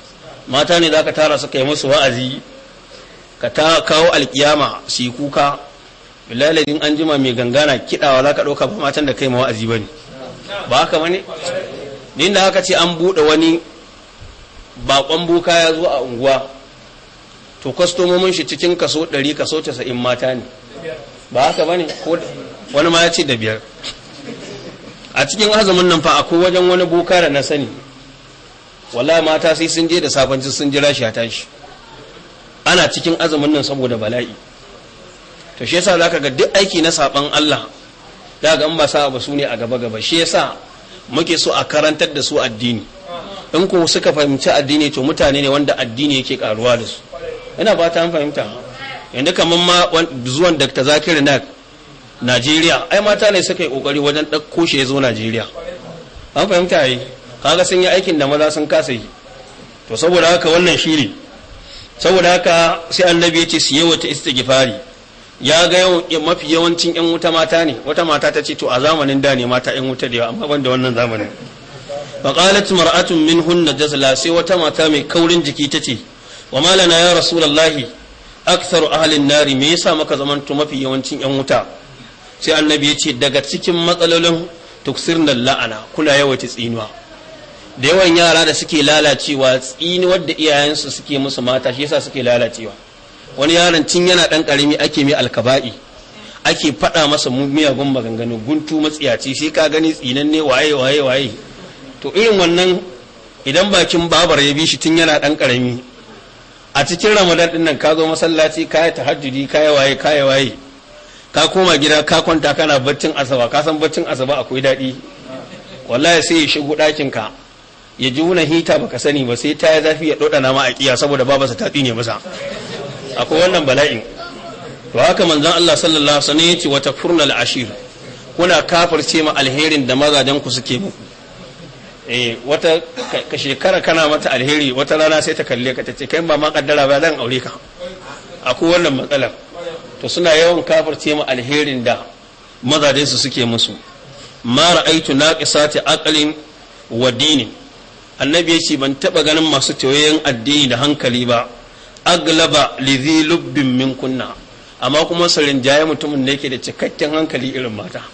mata ne zaka tara su kai musu wa'azi ka ta kawo alkiyama su yi kuka bilalin an jima mai gangana kidawa zaka dauka ba matan da kai ma wa'azi bane ba haka bane din da haka ce an bude wani bakon boka ya zo a unguwa to kwastomomin shi cikin kaso 100 kaso 90 mata ne ba haka bane ko wani ma ya ce da biyar a cikin azumin nan fa akwai wajen wani boka da na sani wallahi mata sai sun je da safanci sun jira shi a tashi ana cikin azumin nan saboda bala'i to shi yasa zaka ga duk aiki na saban Allah da ga ba sa ba su ne a gaba gaba shi yasa muke so a karantar da su addini in ko suka fahimci addini to mutane ne wanda addini yake karuwa da su ina ba ta fahimta inda kamar ma zuwan dr zakir na najeriya ai mata ne suka yi kokari wajen ɗauko shi ya zo najeriya an fahimta yi kaga sun yi aikin da maza sun kasa yi to saboda haka wannan shiri saboda haka sai annabi ya ce su yawa ta istighfari ya ga mafi yawancin yan wuta mata ne wata mata ta ce to a zamanin da ne mata yan wuta da amma ban da wannan zamanin faqalat mar'atun minhunna jazla sai wata mata mai kaurin jiki ta ce wa malana ya rasulullahi aksaru ahalin nari me yasa maka zamanto mafi yawancin yan wuta sai annabi ya ce daga cikin matsalolin tuksirna la'ana kula yawaita tsinuwa da yawan yara da suke lalacewa tsinuwar da iyayensu suke musu mata shi yasa suke lalacewa wani yaron tun yana dan karami ake mai alkaba'i ake faɗa masa miyagun maganganu guntu matsiyaci sai ka gani tsinan ne waye waye waye to irin wannan idan bakin babar ya bi shi tun yana dan karami a cikin ramadan din nan ka zo masallaci ka yi tahajjudi ka yi waye ka yi waye ka koma gida ka kwanta kana baccin asaba ka san baccin asaba akwai daɗi wallahi sai ya shigo ɗakin ka ya ji wuna hita baka sani ba sai ta yi zafi ya ɗoɗana ma a ƙiya saboda babu ta tsine masa akwai wannan bala'in to haka manzon Allah sallallahu alaihi wasallam ya ce wata furnal ashir kuna kafirce ma alherin da mazajen ku suke muku eh wata ka shekara kana mata alheri wata rana sai ta kalle ka ta ce kai ba ma kaddara ba zan aure ka akwai wannan matsalar to suna yawan kafirce mu alherin da mazajen su suke musu ma ra'aitu naqisati aqlin wa dinin annabi ya ce ban taba ganin masu tawayen addini da hankali ba aglaba lidhi lubbin min kunna amma kuma sarin jaye mutumin da yake da cikakken hankali irin mata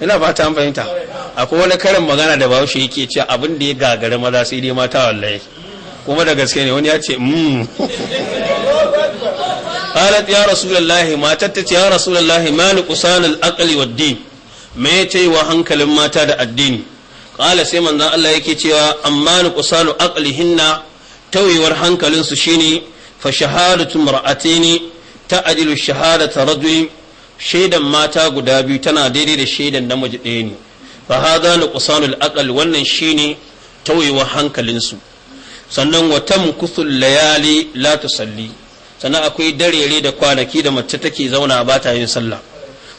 ina fata an fahimta akwai wani karin magana da bahaushe yake cewa abin da ya gagara maza sai dai mata wallahi kuma da gaske ne wani ya ce mm qalat ya rasulullahi matar ta ce ya rasulullahi ni qusanul aqli wa din me yace wa hankalin mata da addini qala sai manzon Allah yake cewa amma ni qusanu hinna tawewar hankalin su shine fa shahadatu mar'atini ajilu shahadata rajulin shaidan mata guda biyu tana daidai da shaidan namiji ɗaya ne fa hadha al aqal wannan shine hankalin hankalinsu sannan wa tamkuthul layali la tusalli sannan akwai darere da kwanaki da mace take zauna ba ta yin sallah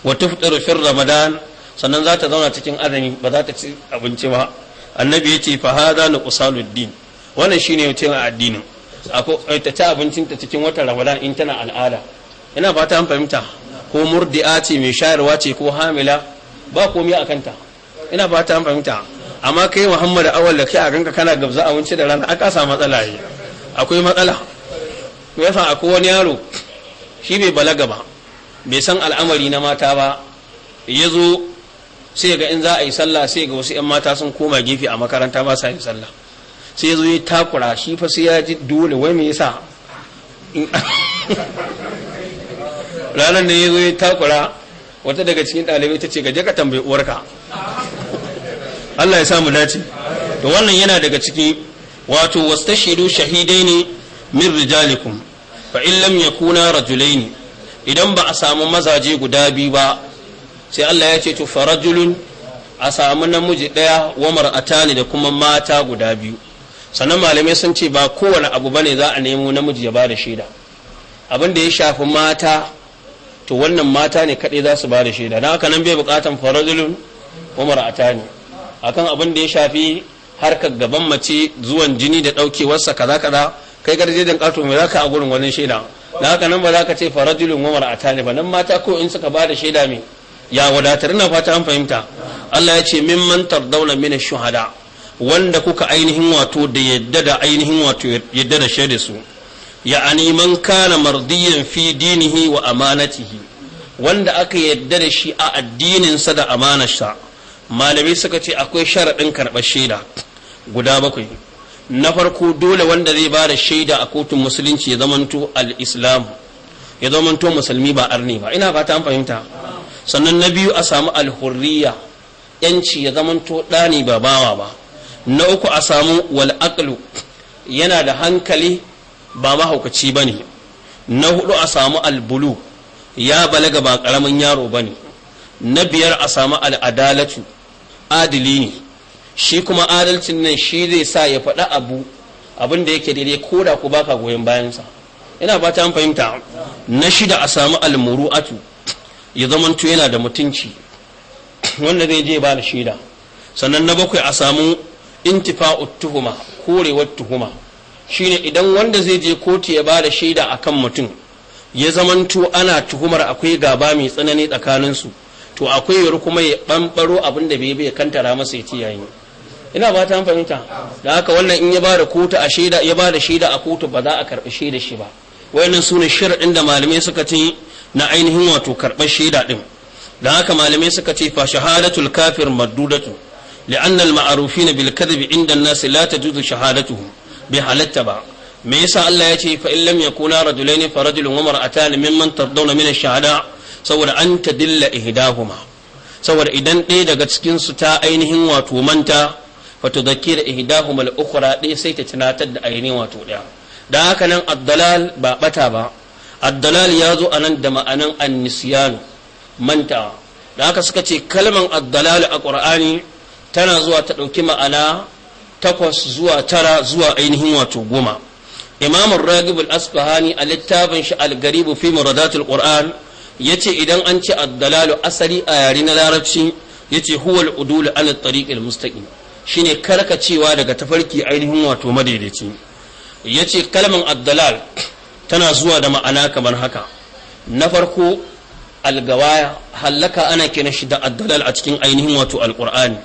wa tufṭiru fi ramadan sannan za ta zauna cikin azumi ba za ta ci abinci ba annabi yace fa hadha nuqsanul din wannan shine a addinin ta ci abincinta cikin watan ramadan in tana al'ada ina fata an fahimta ko murdi'a ce mai shayarwa ce ko hamila ba komai a kanta ina ba ta fahimta amma kai muhammad awal da kai a ganka kana gabza abinci da rana aka samu matsala ne akwai matsala me yasa akwai wani yaro shi bai balaga ba bai san al'amari na mata ba ya zo sai ga in za a yi sallah sai ga wasu 'yan mata sun koma gefe a makaranta ba sa yin sallah sai ya zo ya takura shi fa sai ya ji dole wai me yasa ranar da ya zo ya takura wata daga cikin ɗalibai ta ce gaje ka tambayi uwarka Allah ya samu dace to wannan yana daga ciki wato wastashidu shahidaini min rijalikum fa in lam yakuna rajulaini idan ba a samu mazaje guda biyu ba sai Allah ya ce to farajulun a samu namiji daya wa mar'atani da kuma mata guda biyu sannan malamai sun ce ba kowane abu bane za a nemo namiji ya bada shaida abin da ya shafi mata to wannan mata ne kaɗai za su ba da shaida don haka nan bai buƙatan faradulun umar ata ne akan abin da ya shafi harkar gaban mace zuwan jini da ɗaukewarsa kaza kaza kai garje da ƙato mai zaka a gurin wani shaida don haka ba za ka ce faradulun umar a ne ba nan mata ko in suka ba da shaida mai ya wadatar ina fata an fahimta Allah ya ce min mantar daula mina shuhada wanda kuka ainihin wato da yadda da ainihin wato yadda da shaida su ya'ani man kana mardiyan fi dinihi wa amanatihi wanda aka yadda da shi a addininsa da amanarsa malamai suka ce akwai sharaɗin karɓar shaida guda bakwai na farko dole wanda zai ba da shaida a kotun musulunci ya zamanto al-islam ya zamanto musulmi ba arni ba ina fata an fahimta sannan na biyu a samu alhurriya yanci ya zamanto ɗani ba bawa ba na uku a samu wal yana da hankali ba mahaukaci ba ne na hudu a samu albulu ya balaga ba karamin yaro ba ne na biyar a samu al'adalatu adili ne shi kuma adalcin nan shi zai sa ya faɗa abu abin da yake daidai ko da ku baka goyon bayansa ina ba ta fahimta na shida a samu almuru'atu ya zamanto yana da mutunci wanda zai je ba da shida sannan na bakwai a samu intifa'ut tuhuma korewar tuhuma shine idan wanda zai je kotu ya bada shaida a kan mutum ya zamanto ana tuhumar akwai gaba mai tsanani tsakaninsu to akwai yiwuwar kuma ya ɓanɓaro abin da bai bai kantara masa ya ci yayi ina ba ta fahimta da haka wannan in ya bada kotu a shaida ya shaida a kotu ba za a karɓi shaida shi ba wayannan sune sharaɗin da malamai suka ce na ainihin wato karɓar shaida ɗin da haka malamai suka ce fa shahadatul kafir maddudatu li'anna al-ma'rufina bil kadhibi inda an-nas la tajuzu shahadatuhum bai halatta ba me yasa Allah ya ce fa in lam yakuna rajulaini fa rajulun wa mar'atan mimman tardawna min ash shahada saboda an tadilla ihdahuma saboda idan ɗaya daga cikin su ta ainihin wato manta fa tudhakkira ihdahuma al-ukhra ɗaya sai ta tunatar da ainihin wato ɗaya dan haka nan ad-dalal ba bata ba ad-dalal ya zo anan da ma'anan an-nisyan manta da haka suka ce kalman ad-dalal a Qur'ani tana zuwa ta ɗauki ma'ana takwas zuwa tara zuwa ainihin wato goma imam ragib al-asfahani a littafin shi al-garibu fi muradatul qur'an yace idan an ce ad-dalalu asali a yare na larabci yace huwa al-udul ala at-tariq al-mustaqim shine karkacewa daga tafarki ainihin wato madaidaici yace kalmar ad-dalal tana zuwa da ma'ana kamar haka na farko algawaya hallaka ana kiran shi da addalal a cikin ainihin wato alqur'ani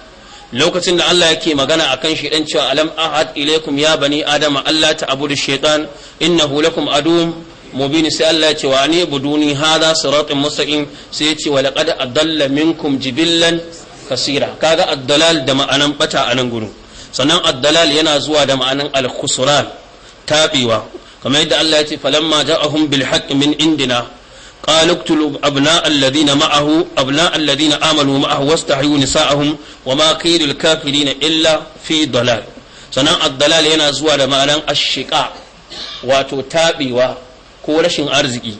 lokacin da Allah yake magana akan shi dan cewa alam ahad ilaikum ya bani adama Allah ta abudu shaytan innahu lakum adum mubin sai Allah ya ce wa ne buduni hada siratun mustaqim sai ya ce wa laqad adalla minkum jibillan kasira kaga addalal da ma'anan bata a nan gurin sannan addalal yana zuwa da ma'anan al-khusran tabewa kamar yadda Allah ya ce falamma ja'ahum bil haqq min indina قال اقتلوا أبناء الذين معه أبناء الذين آمنوا معه واستحيوا نساءهم وما كيد الكافرين إلا في ضلال سنة الضلال هنا معنى الشقاء ko rashin arziki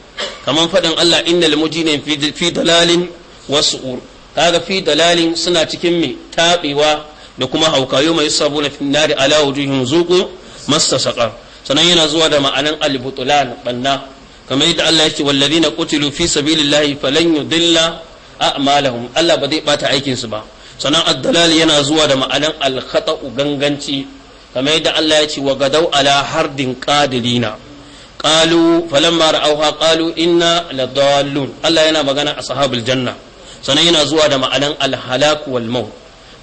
kamar faɗin Allah innal mujrimin fi dalalin wasu'ur kaga fi dalalin suna cikin mai tabewa da kuma haukayo mai sabuna fi nari ala wujuhim zuqu massa saqa sanan yana zuwa da ma'anan al banna kamar yadda Allah yake wallazina qutilu fi sabilillahi falan yudilla a'malahum Allah ba zai bata aikin su ba sanan ad-dalal yana zuwa da ma'anan al-khata'u ganganci kamar yadda Allah ya wa gadau ala hardin qadirina qalu falamma ra'awha qalu inna ladallun Allah yana magana a sahabul janna sanan yana zuwa da ma'anan al-halak wal maut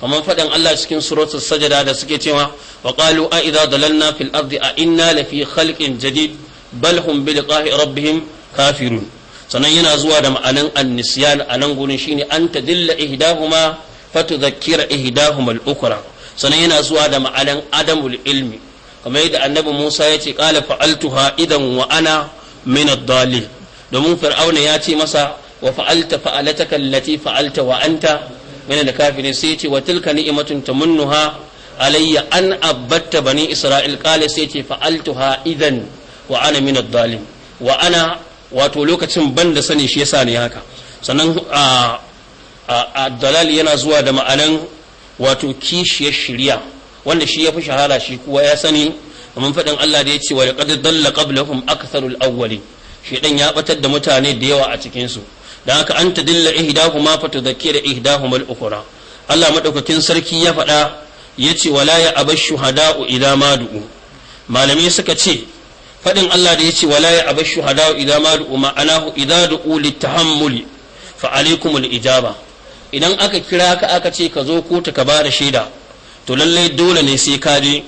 kamar faɗin Allah cikin suratul sajada da suke cewa wa qalu a idza dalalna fil ardi a inna lafi khalqin jadid bal hum bi liqa'i rabbihim kafirun sanan yana zuwa da ma'anan annisyan a nan gurin shine an tadilla ihdahuma fatudhakkira ihdahuma al-ukhra sanan yana zuwa da ma'anan adamul ilmi kamar yadda annabi Musa ya ce qala fa'altuha idan wa ana min ad-dalil domin fir'auna ya ce masa wa fa'alta fa'alataka allati fa'alta wa anta min al-kafirin sai ya ce wa tilka ni'matun tamunnuha alayya an abatta bani isra'il qala sai ya ce fa'altuha idan wa ana min dalim wa ana wato lokacin ban da sani shi yasa ne haka sannan a dalal yana zuwa da ma'anan wato kishiyar shirya wanda shi yafi shahara shi kuwa ya sani kamar faɗin Allah da ya ce wa laqad dalla qablahum aktharul awwalin shedan ya batar da mutane da yawa a cikin su dan haka an tadilla ihdahuma fatadhakkira ihdahuma al-ukhra Allah madaukakin sarki ya faɗa yace wala ya abashu hada'u idza du'u malamai suka ce faɗin Allah da ya ce wala ya abar shuhada idan ma du'u ma'anahu idan du'u fa alaikum ijaba idan aka kira ka aka ce ka zo ta ka bada shaida to lallai dole ne sai ka je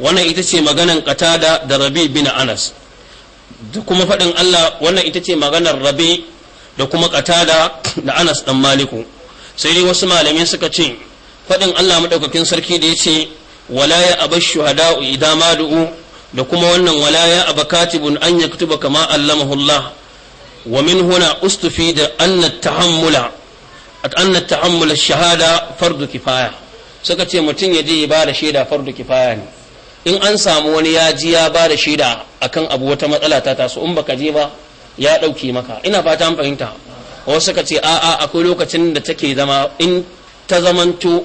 wannan ita ce maganan qatada da rabi bin anas da kuma faɗin Allah wannan ita ce maganar rabi da kuma qatada da anas dan maliku sai dai wasu malamai suka ce faɗin Allah madaukakin sarki da ya ce wala ya abashu shuhada idan ma da kuma wannan wala ya aba katibun an yaktuba kama allamahullah wa min huna ustufi da anna tahammula shahada fardu kifaya suka ce mutum ya je ya bada shaida fardu kifaya ne in an samu wani ya ji ya bada shaida akan abu wata matsala ta taso in baka je ba ya dauke maka ina fata an fahimta wasu suka ce a'a akwai lokacin da take zama in ta zamanto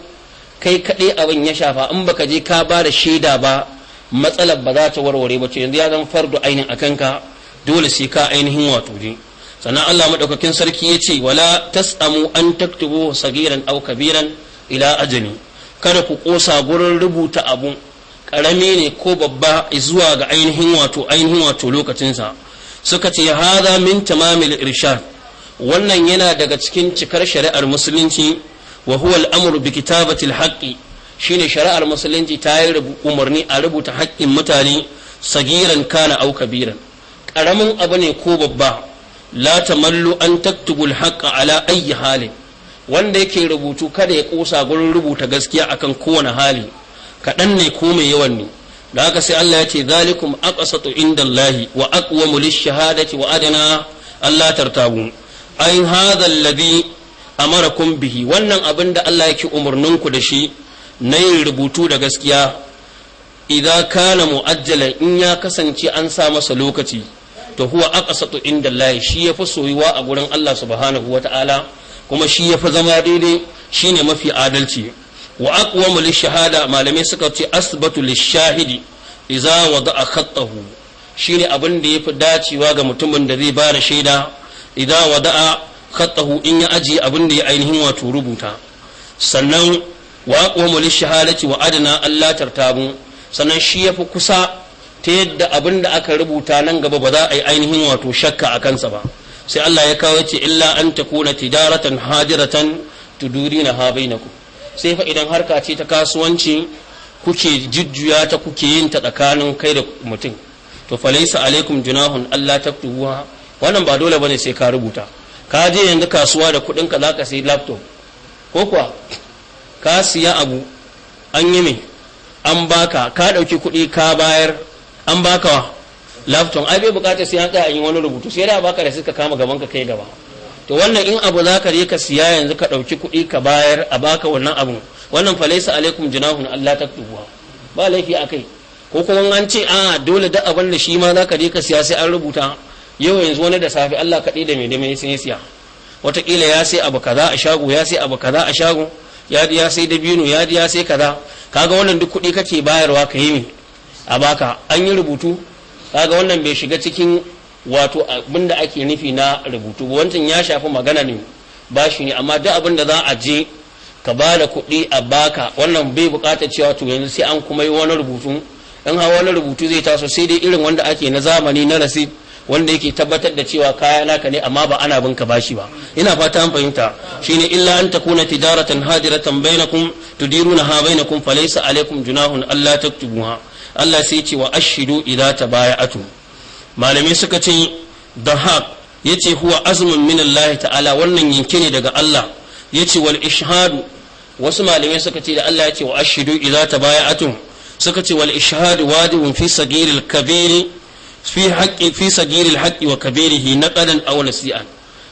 kai kaɗai abin ya shafa in baka je ka bada shaida ba matsalar ba za ta warware ba ce yanzu ya zama fardu ainihin a kanka dole sai ka ainihin wato je sannan Allah madaukakin sarki ya ce wala tasamu an taktubu sagiran auka kabiran ila ajali kada ku kosa gurin rubuta abu karami ne ko babba zuwa ga ainihin wato ainihin wato lokacinsa suka ce hadha min tamamil irshad wannan yana daga cikin cikar shari'ar musulunci wa huwa al-amru bi kitabati al shine shari'ar musulunci ta yi umarni a rubuta haƙƙin mutane sagiran kana au kabiran ƙaramin abu ne ko babba la tamallu an taktubu haqqa ala ayyi halin wanda yake rubutu kada ya kosa gurin rubuta gaskiya akan kowane hali kaɗan ne ko mai yawan ne da haka sai Allah ya ce zalikum aqsatu indallahi wa aqwamu lish-shahadati wa adana Allah tartabu ai hadha alladhi amarakum bihi wannan abin da Allah yake ku da shi na yin rubutu da gaskiya idan kana mu'ajjalan in ya kasance an sa masa lokaci to huwa aqsatu inda Allah shi yafi soyuwa a gurin Allah subhanahu wata'ala kuma shi yafi zama daidai shine mafi adalci wa aqwamu lishahada malamai suka ce asbatu lishahidi idza wada'a khattahu shine abin da yafi dacewa ga mutumin da zai bada shaida idza wada'a khattahu in ya ajiye abin da ya ainihin wato rubuta sannan wa aqwamu lishahadati wa adna Allah tartabu sannan shi yafi kusa ta yadda abin da aka rubuta nan gaba ba za a yi ainihin wato shakka a kansa ba sai Allah ya kawo ce illa an takuna tijaratan hadiratan tudurina ha bainakum sai fa idan harka ce ta kasuwanci kuke jujjuya ta kuke yin ta tsakanin kai da mutum to laysa alaikum junahun Allah taktubuha wannan ba dole bane sai ka rubuta ka je yanzu kasuwa da kuɗin ka zaka sai laptop ko kuwa ka siya abu an yi mai an baka ka ɗauki kuɗi ka bayar an baka lafton ai bai bukatar sai an tsaya yin wani rubutu sai da baka da suka kama gaban ka kai gaba to wannan in abu za ka je ka siya yanzu ka ɗauki kuɗi ka bayar a baka wannan abu wannan falaisa alaikum junahun Allah taktubuwa ba laifi a kai ko kuma an ce a dole da abin da shi ma za ka je ka siya sai an rubuta yau yanzu wani da safe Allah kaɗai da mai da mai sai siya watakila ya sai abu kaza a shago ya sai abu kaza a shago yadi ya sai dabino yadi ya sai kaza kaga wannan duk kuɗi kake bayarwa ka yi a baka an yi rubutu kaga wannan bai shiga cikin wato abin da ake nufi na rubutu wancan ya shafi magana ne ba shi ne amma duk abinda za a je ka ba da kuɗi a baka wannan bai bukata cewa to yanzu sai an kuma yi wani rubutu in hawa wani rubutu zai taso sai dai irin wanda ake na zamani na rasid wanda yake tabbatar da cewa kaya naka ne amma ba ana bin bashi ba ina fata an fahimta shine illa an takuna tijaratan hadiratan bainakum tudiruna ha bainakum falaysa alaikum junahun alla taktubuha Allah sai ce wa ashidu idza tabaya'atu malamai suka ce dahaq yace huwa azmun min Allah ta'ala wannan yanke ne daga Allah yace wal ishhadu wasu malamai suka ce da Allah yace wa ashidu idza tabaya'atu suka ce wal ishhadu wajibun fi sagiril kabiri fi haƙƙi fi sagiril haƙƙi wa kabirihi naqalan aw nasi'an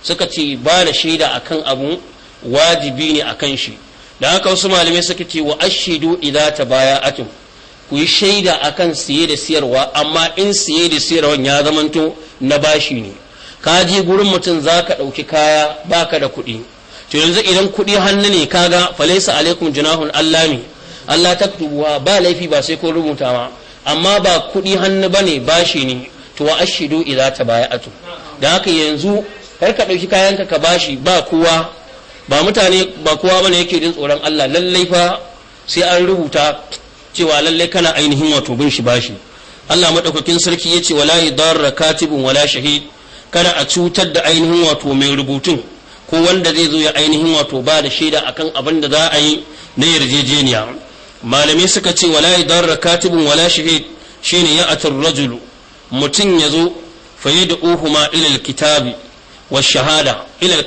suka ce ba da shaida akan abu wajibi ne akan shi da haka wasu malamai suka ce wa ashidu idza tabaya'atum ku yi shaida akan siye da siyarwa amma in siye da siyarwan ya zamanto na bashi ne ka je gurin mutum za ka ɗauki kaya ba ka da kuɗi to yanzu idan kuɗi hannu ne ka kaga falaisa alaikum junahun allami Allah taktubuwa ba laifi ba sai ko rubuta ma amma ba kuɗi hannu ba bane bashi ne to wa ashidu idza ato dan haka yanzu kar ka ɗauki kayanka ka bashi ba kowa ba mutane ba kowa bane yake jin tsoron Allah lallai fa sai an rubuta cewa lallai kana ainihin wato bin shi bashi Allah madaukakin sarki yace wala yadarra katibun wala shahid kada a cutar da ainihin wato mai rubutun ko wanda zai zo ya ainihin wato ba da shaida akan abin da za a yi na yarjejeniya malamai suka ce wala idarra katibin wala shahid shine ya atar rajulu mutum ya zo faye da uhuma ilal kitabi wa shahada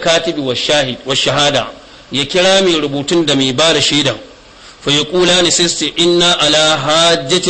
katibi wa shahid wa shahada ya kira mai rubutun da mai ba da shaidan fa ya kula ni sai inna ala hajjatin